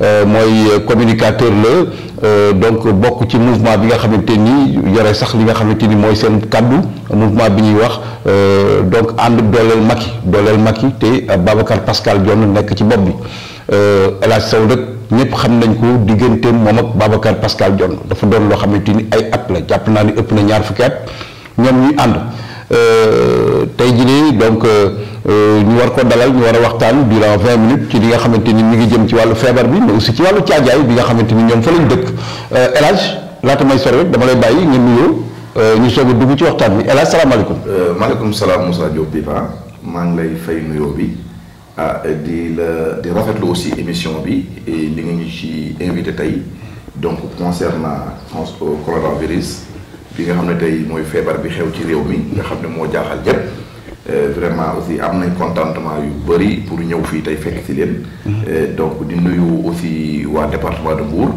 Euh, mooy euh, communicateur la euh, donc bokk ci mouvement bi nga xamante nii yore sax li nga xamante ni mooy seen kàddu mouvement bi ñuy wax donc ànd dooleel Macky dooleel Macky te Babacar Pascal Dione nekk ci bopp bi El Hadj Sow ñëpp xam nañ ko digganteem moom ak Babacar Pascal Dione dafa doon loo xamante ni ay at la jàpp naa ni ëpp na ñaar fukki at ñoom ñuy ànd. Euh, tey jii nii donc euh, euh, ñu war ko dalal ñu war a waxtaan durant vingt minutes ci li nga xamante ni mi ngi jëm ci wàllu feebar bi mais aussi ci wàllu caajaay bi nga xamante ni ñoom fa lañ dëkk El Hadj laata may sori rek dama lay bàyyi ngeen nuyoo ñu soog a dugg ci waxtaan bi El Hadj salaamaaleykum. maaleykum salaam Moussa Diop Biba maa ngi lay fay nuyoo bi ah di la di rafetlu aussi émission bi et li nga ñu ci invité tey donc concernant coronavirus. bi nga xam ne tey mooy feebar bi xew ci réew mi nga xam ne moo jaaxal ñëpp euh, vraiment aussi am nañ contentement yu bëri pour ñëw fii tey fekk si leen. Mm-hmm. Euh, donc di nuyu aussi waa département de Mbour.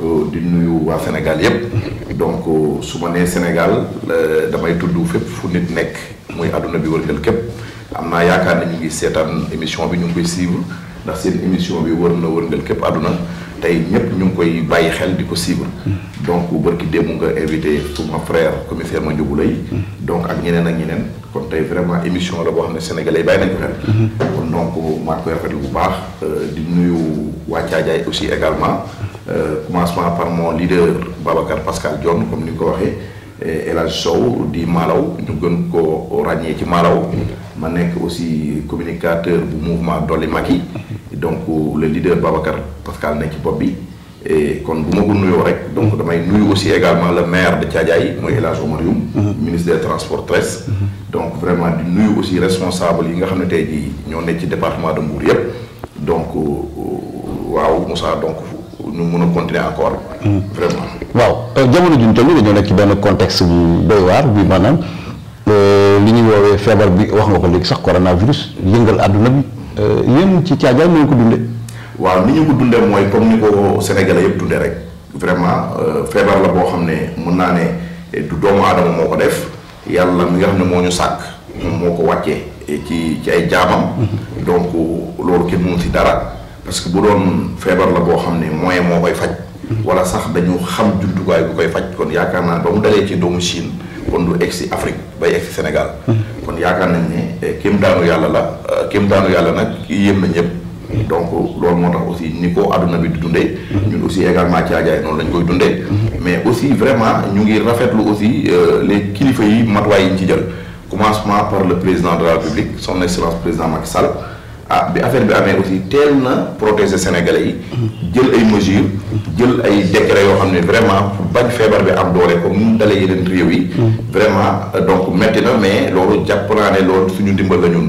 Euh, di nuyu waa Sénégal yëpp. Mm-hmm. donc su ma nee Sénégal damay tudd fépp fu nit nekk muy àdduna bi wërngal képp am naa yaakaar ne ñu ngi seetaan émission bi ñu ngi koy suivre ndax seen émission bi wër na wërngal képp àdduna. tay ñep ñu ngi koy bayyi xel diko ko mm. donc barki dem nga invité suma frère commissaire Madiobu Lay. Mm. donc ak ñeneen ak ñeneen. kon tay vraiment émission la bo xam sénégalais yi nañ ko xel. Mm-hmm. kon donc ma ko koy rafetlu bu baax. Euh, di nuyu waa aussi également. Euh, commencement par mon leader Babacar Pascal Dione comme ni ko waxé et la show di Malaw ñu gën ko ragné ci Malaw. Mm. ma nekk aussi communicateur bu mouvement Dolli Macky donc le leader Babacar Pascal nekk ci bi et kon bu ma ko nuyoo rek donc damay nuyu aussi également le maire de Thiadiaye mooy El Hadj Omar mhm. ministre des transports TERS mhm. donc vraiment di nuyu aussi responsable yi nga xam ne tey jii ñoo ci département de Mbour yëpp donc euh, waaw Moussa donc nous mën continuer encore mhm. vraiment waaw euh, jamono juñ toll dañoo nekk ci le contexte du doy waar bi maanaam euh, li ñuy woowee feebar bi wax nga ko léegi sax coronavirus bi Euh, yéen ci Caajaay moo ko dundee. waaw ni ñu ko dunde mooy comme ni ko Sénégalais yëpp dundee rek vraiment euh, feebar la boo xam ne mun naa ne du doomu aadama moo ko def yàlla mi nga xam ne moo ñu sàkk. moo ko wàccee ci ci ay jaamam. Mm-hmm. donc loolu kenn mënu si dara parce que bu doon feebar la boo xam ne moyen moo koy faj. Mm-hmm. wala sax dañu xam jumtukaay bu koy faj kon yaakaar naa ba mu dalee ci doomu Chine kon du egg si Afrique bay egg si Sénégal. Mm-hmm. kon yaakaar nañ ne eh, kéem daanu yàlla la eh, kéem daanu yàlla nag kii yéem na ñëpp donc loolu moo tax aussi ni ko àdduna bi di dundee mhm. ñun aussi également caajaay noonu lañ koy dundee mhm. mais aussi vraiment ñu ngi rafetlu aussi eh, les kilifa yi matuwaay yi ñu ci jël commencement par le président de la République son excellence président Macky Sall ah bi affaire bi amee aussi teel na protéger sénégalais yi. jël ay mesures. jël ay décrets yoo xam ne vraiment pour bañ feebar bi am doole comme ni mu yeneen réew yi. vraiment euh, donc métti na mais loolu jàpp naa ne loolu suñu ndimbal la ñun.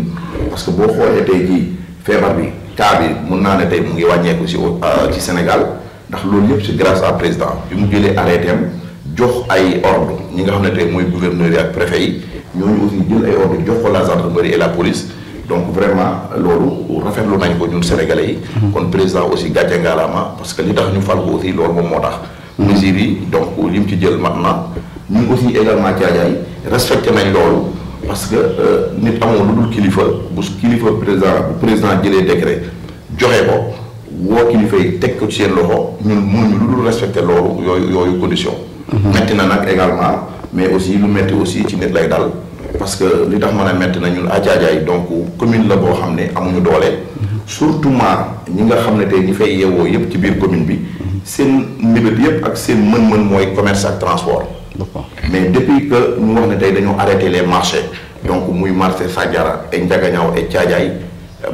parce que boo xoolee tey jii feebar bi cas bi mun naa ne tey mu ngi wàññeeku si euh, ci Sénégal ndax loolu yëpp ci grâce à président bi mu jëlee arrêté am jox ay ordre ñi nga xam ne tey mooy gouverneur yi ak préfet yi ñooñu aussi jël la gendarmerie et la police. donc vraiment loolu rafetlu nañ ko ñun sénégalais yi. Mhm. kon président aussi gàcce ngaalaama parce que li tax ñu fal ko aussi loolu moom moo tax. Mhm. mesures yi donc li mu ci jël maintenant ñu aussi également caajaay respecté nañ lolu parce que euh, nit amoon lu dul kilifa bu kilifa président bu président jëlee décret joxé ko wo kilifa yi teg ko ci seen loxo ñun mënuñu lu dul respecté lolu yoyu condition mhm. metti na également mais aussi lu metti aussi ci nit lay dal parce que li tax ma ne métti na ñun Adja donc commune la bo xamné ne amuñu doole. surtout ma ñi nga xamné tay ñi fay yeewoo yépp ci biir commune bi. seen mbébét yépp ak seen mën-mën mooy commerce ak transport. mais depuis que ñu wax ne tey dañoo arrêté les marchés. donc muy marché Sandiara et Ndiaganiao et Thiadiaye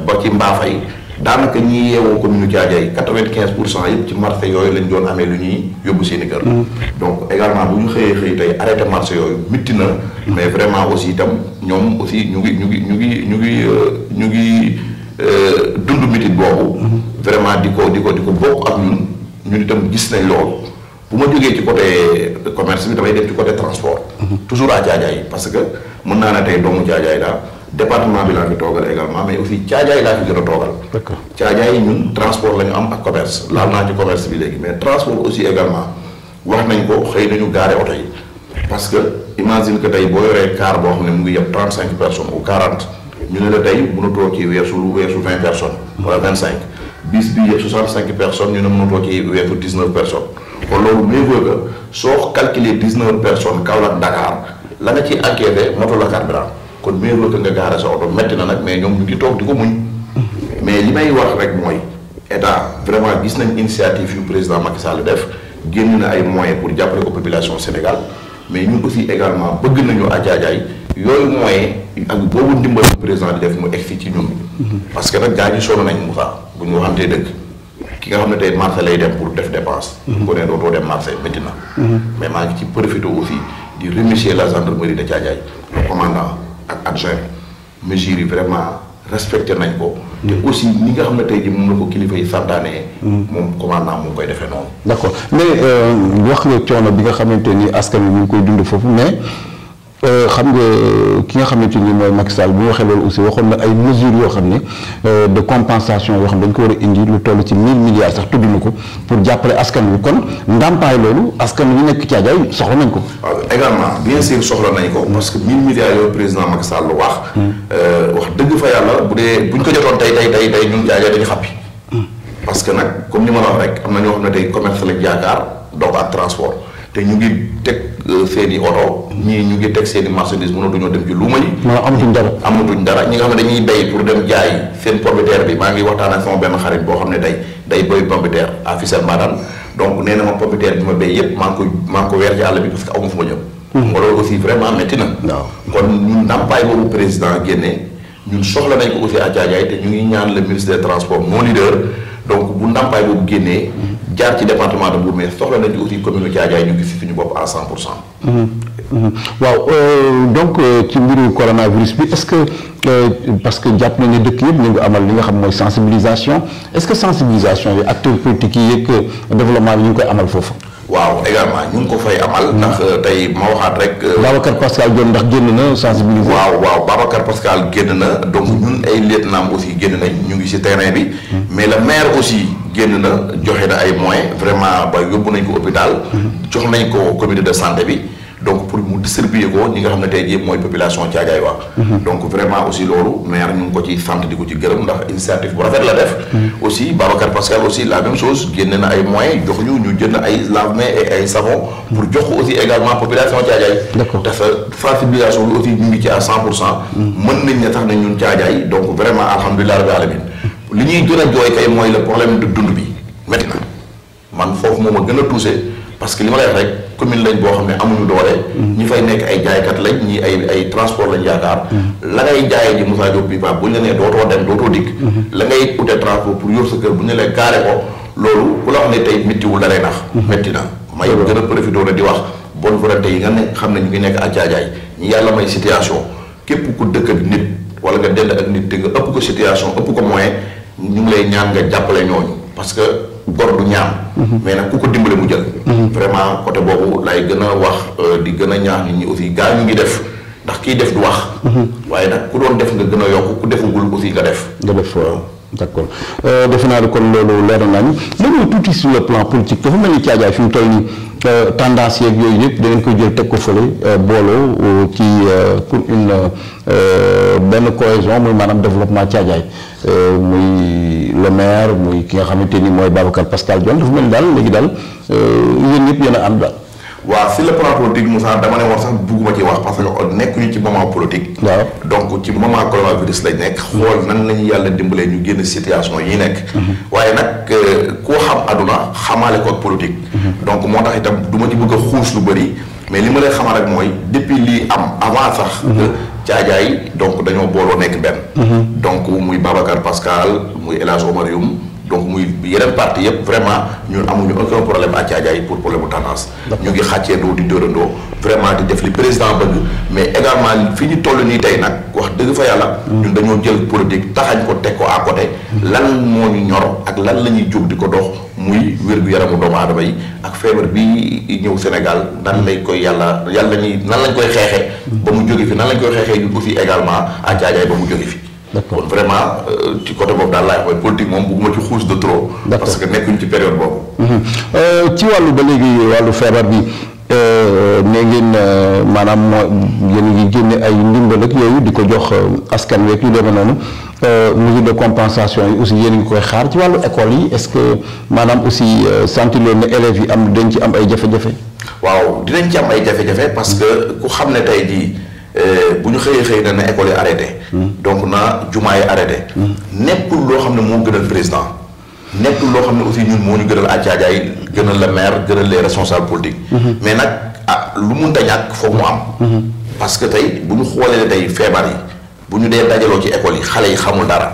ba ci Mbafay. daanaka ñi yeewoo commune Diadia yi quatre-vingt-quinze pour cent yëpp ci marché yooyu lañ doon amee lu ñuy yóbbu seen i kër. Mm. donc également bu ñu xëyee xëy tey arrêté marché yooyu mitti na. Mm. mais vraiment aussi itam ñoom aussi ñu ngi ñu ngi ñu ngi ñu ngi euh, ñu ngi euh, dund mitit boobu. Mm-hmm. vraiment di ko di ko di ko bokk ak ñun ñun itam gis nañ loolu bu ma jógee ci côté commerce bi damay dem ci côté transport. Mm-hmm. toujours à Diadia yi parce que mën naa ne tey doomu Diadia yi daal. département bi la fi togal également mais aussi tiajay la fi gëna togal tiajay ñun transport lañu am ak commerce la na ci commerce bi légui mais transport aussi également wax nañ ko xey nañu garé auto yi parce que imagine que tay bo yoré car bo xamné mu ngi yeb 35 personnes ou 40 ñu né la tay mënu to ci wessu lu wessu 20 personnes wala 25 bis bi yeb 65 personnes ñu né mënu to ci wessu 19 personnes ko lolu mais veut que so calculer 19 personnes kaolak dakar la nga ci enquêter moto la carburant kon mieux vaut que nga gaara sa oto metti na nag mais ñoom ñu ngi toog di ko muñ. mais li may wax rek mooy état vraiment gis nañ initiative yu président Macky Sall def génn na ay moyen pour jàppale ko population Sénégal mais ñu aussi également bëgg nañu àjaajaay yooyu moyens ak boobu ndimbal président di def mu egg fii ci ñun. parce que nag gaa ñi sonn nañ Moussa bu ñu waxantee dëgg. ki nga xam ne tey marché lay dem pour def dépense. ku ne dootoo dem marché métti na. Mmh. mais maa ngi ci profité aussi di remercier la gendarmerie de Thiadiaye le commandant. ak adjoint mesures yi vraiment respecté nañ ko. te aussi ni nga xam ne tey jii moom la ko kilifa yi santaane. Hmm. moom commandant mu ngi koy defee noonu. d' accord mais euh, wax nga coono bi nga xamante ni askan wi ñu ngi koy dund foofu mais. Euh, xam nga euh, ki nga xamante ni mooy Macky Sall bu waxee loolu aussi waxoon na ay mesures yoo xam ne euh, de compensation yoo xam ne dañ ko war a indi lu toll ci mille milliards sax tudd na ko pour jàppale askan wi kon ndàmpaay loolu askan wi nekk Caajaay soxla nañ ko. également bien sûr soxla nañ ko parce que mille milliards yooyu président Macky Sall wax. Hmm. wax dëgg fa yàlla bu dee bu ñu ko jotoon tey tey tey tey ñun Caajaay dañu xàppi. Hmm. parce nag comme ni ma la wax rek am na ñoo xam ne tey commerce lañ yaakaar te ñu ngi teg euh, seen i oto ñii ñu ngi teg seen i marchandise mënatuñoo dem ci luuma yi. maanaam amatuñ dara. amatuñ dara ñi nga xam ne dañuy bay pour dem jaay seen pomme de terre bi maa ngi waxtaan ak sama benn xarit boo xam ne day day béy pomme de terre à Fissel Madane donc nee na ma bi ma béy yëpp maa ngi ko maa ngi ko weer ci àll bi parce que amu fu ma hmm. na. waaw kon ñun ndàmpaay boobu président génnee ñun soxla nañ ko aussi à Diadiaye te ñu ngi ñaan le ministre des transports mon leader donc bu ndàmpaay boobu génnee. Hmm. département de Mbour mais soxla aussi 100 mhm, mhm. euh, donc euh, ci est-ce que euh, parce que jàpp nañu dëkk amal sensibilisation est-ce que sensibilisation yi acteurs politiques et développement ñu koy amal waaw également ñu ko fay amal. Mhm. rek. Babacar Pascal ndax na donc ñun aussi terrain mais la maire aussi. génn na joxe na ay moyens vraiment ba yóbbu nañ ko hôpital. Mm-hmm. jox nañ ko comité de santé bi. donc pour mu distribuer ko ñi nga xam ne tey jii mooy population Thiadiaye wax mm-hmm. donc vraiment aussi loolu maire ñu ngi ko ci sant di ko ci gërëm ndax initiative bu rafet la def. Mm-hmm. aussi Babacar Pascal aussi la même chose génne na ay moyens jox ñu ñu jënd ay lave-mains ay savon. pour jox ko aussi également population Thiadiaye. d'accord parce que aussi ñu ngi ci à 100 pour cent. mën nañ ne tax na ñun Thiadiaye donc vraiment alhamdulilah rabbil alamin li ñuy gën a jooy kay mooy le problème de dund bi métti na man foofu moo ma gën a touché parce que li ma lay wax rek commune lañ boo xam ne amuñu doole. Mm-hmm. ñu fay nekk ay jaaykat lañ ñi ay ay transport lañ yaakaar. Mm-hmm. la ngay jaayee ji Moussa Diop bi ba bu ñu la nee dootoo dem dootoo dikk. Mm-hmm. la kër bu ñu la gaare ko loolu ku la wax ne tey méttiwul da lay nax. métti na ma gën a profité na di wax bonne volonté yi nga ne xam ne ñu ngi nekk ak jaajaay ñi yàlla may situation képp ku dëkk nit wala nga dend ak nit te nga ëpp ko situation ëpp ñaan nga jàppale ñooñu parce que gor du ñaan mhm. mais nag ku ko dimbale mu jël mhm. vraiment côté boobu lay gën a wax euh, di gën a ñaax nit ñi aussi gaa ñu ngi def ndax kiy def du wax mhm. waaye nag ku doon def nga gën a yokk ku defagul aussi nga def nga def d' accord defe naa ne kon loolu leer na ñu léegi tuuti sur le plan politique dafa mel ni caajaay fi mu toll nii euh, tendance yeeg yooyu yëpp da ngeen koy jël teg ko fële euh, booloo ci pour une benn cohésion muy maanaam développement le maire muy ki nga xamante ni mooy Babacar Pascal Dione dafa mel ni daal léegi daal euh, yéen ñëpp yéen a ànd daal. waaw si le plan politique Moussa dama ne woon sax bugguma ci wax parce que nekkuñu ci moment politique. waaw donc ci moment coronavirus lañ nekk. Mhm. xool nan lañu yàlla dimbalee ñu génn situation yi nekk. Mhm. waaye nag euh, koo xam aduna xamaale ko ak politique. Mhm. donc moo tax itam du ma ci bëgg xuus lu bëri mais li ma lay xamal rek mooy depuis lii am avant sax. caajaay donc dañoo booloo nekk benn. Mhm. donc muy Babacar Pascal muy El Hadj Omar Youm donc muy yeneen parti yëpp vraiment ñun amuñu aucun problème à Thiadiaye pour problème bu tendance ñu ngi xàccee xàcceendoo di dóorandoo vraiment di def li président bëgg mais également fi ñu toll nii tey nag wax dëgg fa yàlla mhm. ñun dañoo jël politique taxañ ko teg ko à coté mhm. lan moo ñu ñor ak lan la ñuy jóg di ko dox muy wér-gu-yaramu doomu aadama yi ak feebar bi ñëw Sénégal nan lay koy yàlla yàlla ñuy nan lañ koy xeexee ba mu jóge fi nan lañ koy xeexee ñu aussi également à Thiadiaye ba mu jóge fi kon vraiment euh, ci côté boobu daal laay xooy politique moom bugguma ci xuus de trop parce que nekkuñ ci période mhm. euh, ci wàllu ba léegi wàllu feebar bi euh, ne ngeen maanaam yéen ngi génne ay ndimbal ak yooyu di ko jox askan week yu demee noonu Euh, mesure de compensation aussi yéen ngi koy xaar ci walu école yi est-ce que maanaam aussi euh, sentir le ne élèves yi am dañ ci am ay jafé jafé waaw dinañ ci am ay jafé jafé parce que ku xamné tay di euh buñu xeyé xëyee na na école yi arrêté. Hmm. donc na jumaa yi arrêté. Hmm. nekkul loo xamné mo gënal président nekkul loo xamné aussi ñun moñu gënal gënal àjjaajaay gënal le maire gënal les responsables politiques. Hmm. mais nak ah lu mënta ñàkk foog mu am. parce que tay buñu xolé xoolee tey yi. bu ñu dee dajaloo ci école yi xale yi xamul dara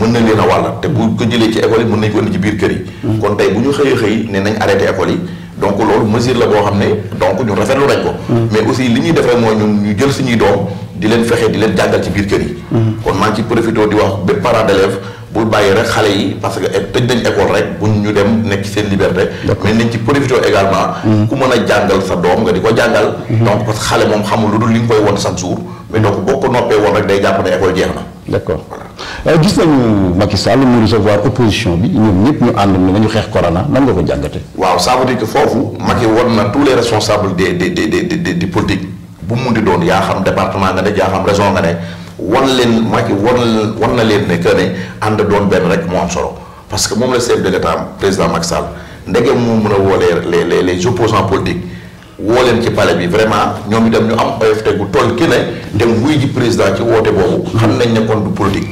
mën nañ leen a wàll te bu ko jëlee ci école yi mën nañ ko indi ci biir kër yi. Mm. kon tey bu ñu xëyee xëy ne nañ arrêté école yi donc loolu mesure la boo xam ne donc ñu rafetlu nañ ko. Mm. mais aussi li ñuy defee mooy ñun ñu jël suñuy doom di leen fexe di leen jàngal ci biir kër yi. Mm. kon maa ngi ci profité di wax bépp parent d'élève bul bàyyi rek xale yi parce que tëj nañ école rek bu ñu dem nekk ci seen liberté. mais nañ ci profité également. ku mën a jàngal sa doom nga di ko jàngal. Mm-hmm. donc parce que xale moom xamul lu dul li nga koy won chaque jour. mais donc beaucoup euh, Macky Sall opposition bi ñoom ñu corona nan nga ko ça veut dire que Macky tous les responsables des des des des des politiques bu di doon xam département nga xam nga parce que moom la de président Macky Sall moo mën a les les les opposants politiques. woo leen ci pale bi vraiment ñoom dem ñu am oyof te toll ki ne dem wuy ji président ci woote boobu xam nañ ne kon du politique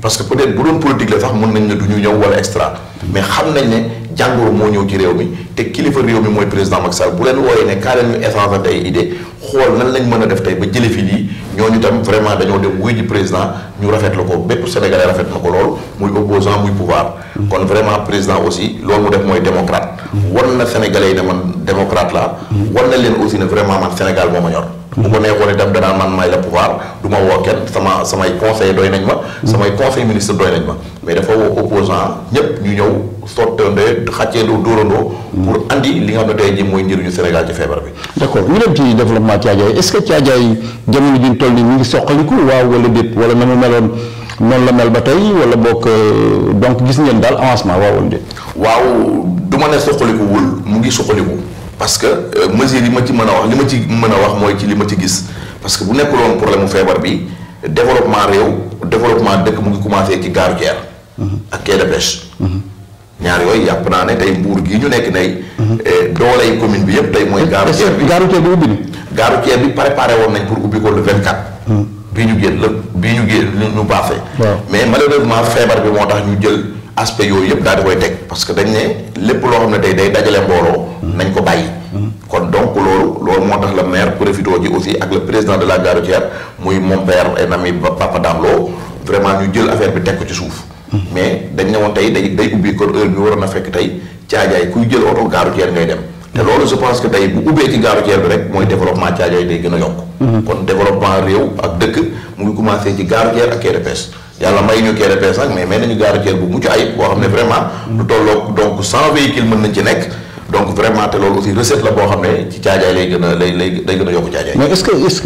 parce que peut-être bu doon politique la sax mën nañ ne du ñu ñëw wala extra mais xam nañ ne jàngoro moo ñëw ci réew mi te kilifa réew mi mooy président Macky Sall bu leen wooyee ne kaa leen ñu échanger ay idée xool nan lañ mën a def tey ba jële fi lii ñu tam vraiment dañoo dem wuy ji président ñu rafetlu ko bépp sénégalais rafet na ko loolu muy opposant muy pouvoir kon vraiment président aussi loolu mu def mooy démocrate wan na sénégalais yi ne man démocrate la mm. wan na leen aussi ne vraiment man Sénégal moo ma ñor bu ma neexoon itam danaa man may la pouvoir du ma woo kenn sama samay conseil doy nañ ma hmm. samay conseil ministre doy nañ ma mais dafa woo ñépp ñu ñëw sottandee xàcceendoo dóorandoo hmm. pour andi li nga xam ne day ji mooy njëriñu Sénégal ci feebar bi d'accord ñu dem ci développement Thiadiaye est-ce que Thiadiaye jamono ji ñu toll nii mu ngi soqaliku waaw wala déet wala na mu meloon noonu la mel ba tey wala bokk euh, donc gis ngeen daal avancement waaw wala mu ngi soqaliku parce que euh, mesures yi ma ci mën a wax li ma ci mën a wax mooy ci li ma ci gis parce que bu nekkul woon problème mu feebar bi développement réew développement dëkk mu ngi commencé ci gare routière mm-hmm. ak quai de pêche mm-hmm. ñaar yooyu yàpp naa ne tey mbuur gii ñu nekk nay mm-hmm. euh, dooley commune bi yëpp tey mooy gare routière bi gare routière bi ubbi gare préparé woon nañ pour ubbi ko le 24 bii ñu génn la bii ñu génn ñu baase mais malheureusement feebar bi moo tax ñu jël aspect yooyu yëpp daal di koy teg parce que dañ ne lépp loo xam ne tey day dajale mbooloo nañ ko bàyyi kon donc loolu loolu moo tax la maire profité ji aussi ak le président de la gare routière muy mon père et ami Papa Damlo vraiment ñu jël affaire bi teg ko ci suuf mais dañ ne woon tey day day ubbi kon heure bi waroon a fekk tey caajaay kuy jël oto gare routière ngay dem te loolu je pense que day bu ubbee ci gare routière bi rek mooy développement caajaay day gën a yokk mhm. kon développement réew ak dëkk mu ngi commencé ci gare routière ak yàlla may ñu quai de pêche nag mais may nañu gare routière bu mucc ayib boo xam ne vraiment. lu tolloog donc cent véhicules mën nañ ci nekk. donc vraiment te loolu aussi recette la boo xam ne ci caajaay lay gën a lay lay gën a yokk caajaay. mais que est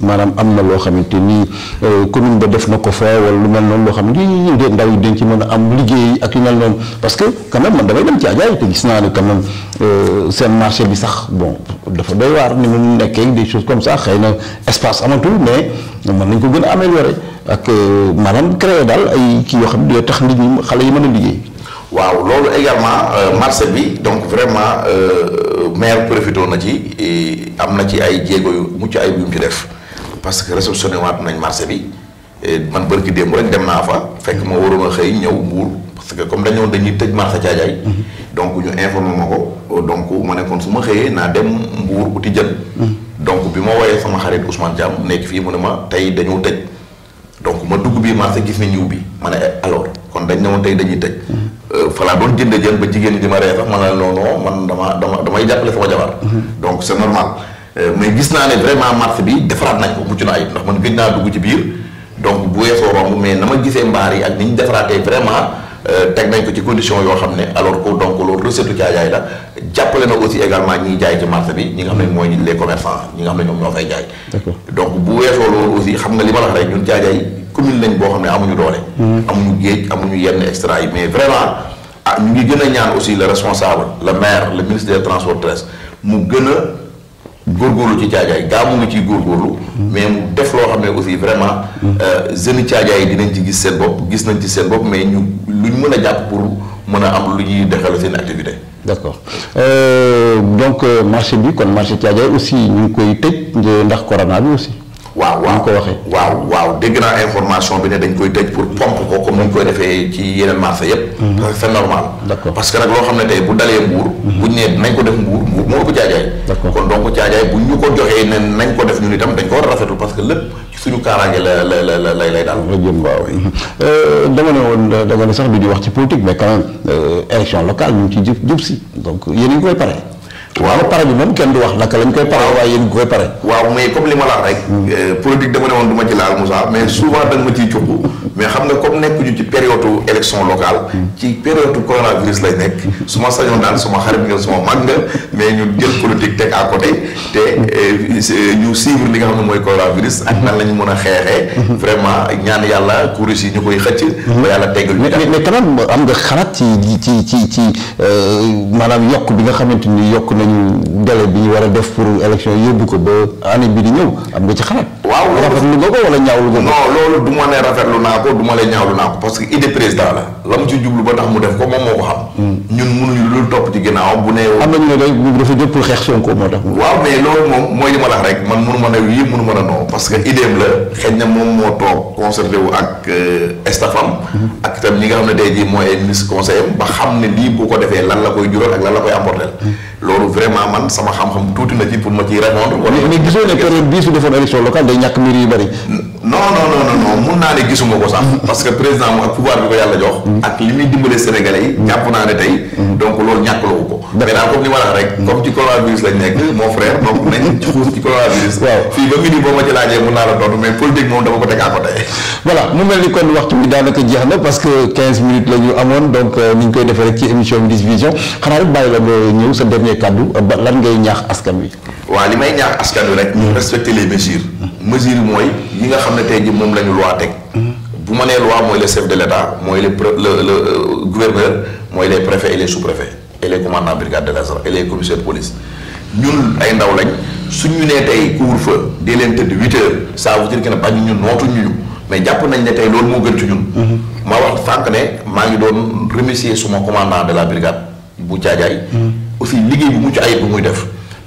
maanaam am na loo xamante ni euh, commune ba def na ko fa lu mel noonu loo xam ne lii de dañ ci mën a am liggéey ak yu mel noonu parce que quand même man damay dem caajaay te gis naa ne quand même euh, seen marché bi sax bon dafa doy waar ni mu nekkee des choses comme ça xëy na espace amatul mais mën nañ ko gën a améliorer. ak euh, maanaam créé daal ay kii yoo xam ne tax nit ñi xale yi mën a liggéey. waaw loolu également euh, marché bi donc vraiment euh, maire profité na ci am na ci ay jéego yu mucc ay yu mu ci def parce que réceptionné waat nañ marché bi man bërki démb rek dem naa fa fekk ma waroon a xëy ñëw mbuur parce que comme dañoo dañuy tëj marché Caajaay mm-hmm. donc ñu informé ma ko donc ma nekkoon su ma xëyee naa dem mbuur uti jën mm-hmm. donc bi ma wooyee sama xarit Ousmane jàmm nekk fii mu ma tey dañoo tëj donc ma dugg biir marché gis ni ñëw bi ma ne eh, alors kon dañ ne woon tey dañuy tëj. Euh, falaa doon jënd jën ba jigéen ñi di ma ree sax ma ne non non man dama dama damay jàppale sama jabar. Mhm. donc c'est normal euh, mais gis naa ne vraiment marché bi defaraat nañ ko mucc naa ayib ndax man gëj naa dugg ci biir donc bu weesoo romb mais na ma gisee mbaar yi ak ni ñu defaraatee vraiment. tek nañ ko ci condition yo xamné alors que donc lo recette ci caajaay la jappalé na aussi également ñi jaay ci marché bi ñi nga xamné moy mooy les commerçants ñi nga xamné ñom ñoo fay jaay. donc bu wéxo lo aussi xam nga li la wax ñun jaay jaay commune lañ bo xamné amuñu doolé amuñu géej amuñu yenn extra yi mais vraiment ñi gëna ñaan aussi le responsable le maire le ministre des transports mu gëna góorgóorlu ci caajaay gaa ngi ci góorgóorlu. mais mu def lo xamné aussi vraiment. euh jeune caajaay dinañ ci gis sen bop gis nañ ci sen bop mais ñu luñ mëna japp pour mëna am lu ñuy dexal seen activité. d'accord euh donc euh, marché bi kon marché caajaay aussi ñu ngi koy tëj ndax corona bi aussi. waaw waaw ko waxee. waaw waaw dégg naa information bi ne dañ koy tëj pour pompe ko comme ni ñu koy defee ci yeneen marché yëpp. Mhm. c'est normal. d'accord que nag loo xam ne tey bu dalee mbuur. Mhm. bu ñu nee nañ ko def mbuur mbuur moo ëpp jaajaay. d'accord kon donc jaajaay bu ñu ko joxee ne nañ ko def ñun itam dañ ko war a rafetlu parce que lépp ci suñu kaaraange la la la lay daal. Euh, dama ne woon dama ne sax bi di wax ci politique mais quand même euh, élection locale ñu ngi jub jub si donc yéen a ngi koy pare. waaw pare bi moom kenn du wax naka lañ koy pare waaye yéen koy pare waaw mais comme li ma la rek hmm. euh, politique dama ne woon du ma ci laal Moussa mais souvent da nga ma ciy mais xam nga comme nekkuñu ci période élection locale. ci période coronavirus lay nekk. su ma sañoon daal suma xarit nga suma mag nga mais ñu jël politique teg à côté te euh, ñu suivre li nga xam ne mooy coronavirus. ak nan la ñu mën a xeexee. vraiment ñaan yàlla kuréel yi ñu koy xëcc. ba yàlla teggal ñu mais mais quand même am nga xalaat ci ci ci ci euh, maanaam yokk bi nga xamante ni yokk nañu délai bi ñu war a def pour élection yóbbu ko ba année bi di ñëw am nga ci xalaat. waaw rafetlu nga ko wala ñaawlu nga ko. non loolu du ma ne rafetlu naa ko du ma leen ñaawlu naa ko parce que idée président la la mu ci jublu ba tax mu def ko moom moo ko xam. Hmm. ñun mënuñu lu topp ci ginnaawam bu ne. am na ñu ne rek dafa jot pour xeex Sonko moo tax. waaw mais loolu moom mooy li ma la wax rek man mënu ma ne yii mënu ma ne parce que idée la xëy na moom moo toog concerté wu ak estafam. Euh, hmm. ak itam ñi nga xam ne tey jii mooy ministre conseil ba xam ne lii bu ko defee lan la koy jural ak lan la koy apporter. Hmm. loolu vraiment man sama xam-xam tuuti na ci pour ma ciy répondre. wala mais mais gisoo ne période bii su defoon élection locale day ñàkk mbir yu bëri. non non non non non mun naa ne gisuma ko sax parce que président mu ak pouvoir bi ko yàlla jox ak li muy dimbale sénégalais yi jàpp naa ne tey donc loolu ñàkkaloo ko mais daal comme ni ma la rek mm-hmm. comme ci coronavirus lañ nekk mon frère donc nañ ci xuus ci coronavirus fii ba midi boo ma ci laajee mun naa la tontu mais politique moom dama ko teg à côté voilà mu mel ni kon waxtu bi daanaka jeex na parce que 15 minutes la ñu amoon donc euh, ni ñu koy defee ci émission bi vision xanaa rek bàyyi la nga ñëw sa dernier kaddu lan ngay ñaax askan wi waaw li may ñaax askan wi rek ñu respecter les mesures mesure mooy yi nga xam ne tey moom la ñu loi teg. bu ma nee loi mooy le chef de l' état mooy le pre le le euh, gouverneur mooy les préfets et les sous-préfets et les commandants brigade de la et les commissaires de police ñun ay ndaw lañ suñu nee tey couvre-feu dee leen tëdd huit heures ça veut ne bañ ñun nootu ñu mais jàpp nañ ne tey loolu moo gën ci ñun. Mm-hmm. ma wax fànq ne maa ngi doon remercier suma commandant de la brigade bu Caajaay. Mm-hmm. aussi liggéey bi mucc ayib bu muy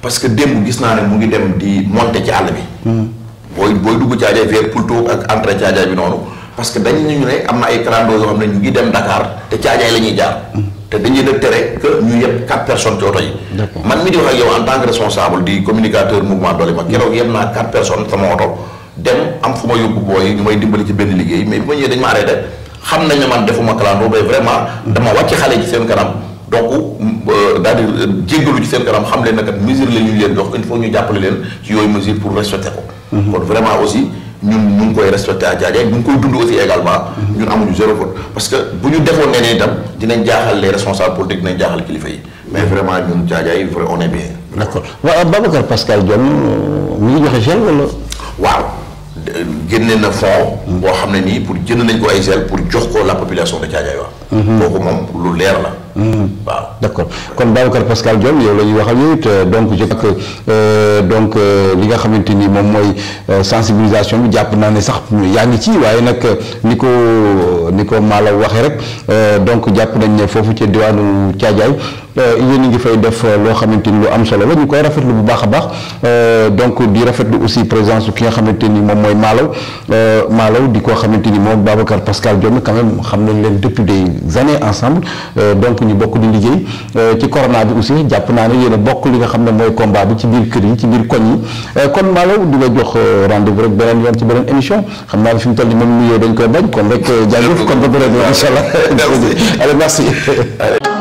parce que démb gis naa ne mu ngi dem di monter ci àll bi. Mm-hmm. booy booy dugg caajaay fii plutôt ak entrée caajaay bi noonu parce que dañ ñu ne am na ay clando yoo xam ne ñu ngi dem Dakar te caajaay la ñuy jaar. te dañuy de tere que ñu yëpp quatre personnes ci oto yi. man mi di wax ak yow en que responsable di communicateur mouvement Dolli ma keroog yem naa quatre personnes sama oto dem am fu ma yóbbu booy ñu may dimbali ci benn liggéey mais bi ma ñëwee dañ ma arrêté xam nañ man defuma clando mais vraiment dama wàcc xale ci seen kanam. donc daal euh, di euh, jéggalu ci seen kanam xam leen ne kat mesure leen jox il Mm-hmm. kon vraiment aussi ñun ñu ngi koy respecté à Diadiaye ñu koy dund aussi également. Mm-hmm. ñun amuñu zéro faute parce que bu ñu defoon nee itam dinañ jaaxal les responsables politiques dinañ jaaxal kilifa yi mais mm-hmm. vraiment ñun Diadiaye vrai on est bien. d' accord waaw Babacar Pascal Diome euh, mi ngi joxe gel wala. waaw génne na fond. boo xam ne nii pour jënd nañ ko ay gel pour jox ko la population de Diadiaye waaw. kooku moom lu leer la. waaw d' accord kon Babacar Pascal Diome yow la ñuy waxal yow it euh, donc je crois euh, donc euh, li nga xamante ni moom mooy sensibilisation bi jàpp naa ne sax yaa ngi ci waaye nag ni ko ni ko Malaw waxee rek donc jàpp nañ ne foofu ca diwaanu Caajaay Euh, yéen a ngi fay def euh, loo xamante ni lu am solo la ñu koy rafetlu bu baax a baax euh, donc di rafetlu aussi présence ki nga xamante ni moom mooy Malaw Malaw di koo xamante ni moom Babacar Pascal Diome quand même xam nañ leen depuis des années ensemble donc ñu bokk di liggéey ci corona bi aussi jàpp naa ne yéen a bokk li nga xam ne mooy combat bi ci biir kër yi ci biir koñ yi kon Malaw di la jox rendez-vous rek beneen yoon ci beneen émission xam naa ne fi mu toll nii même nuyoo dañ koy bañ kon rek jaajëf kon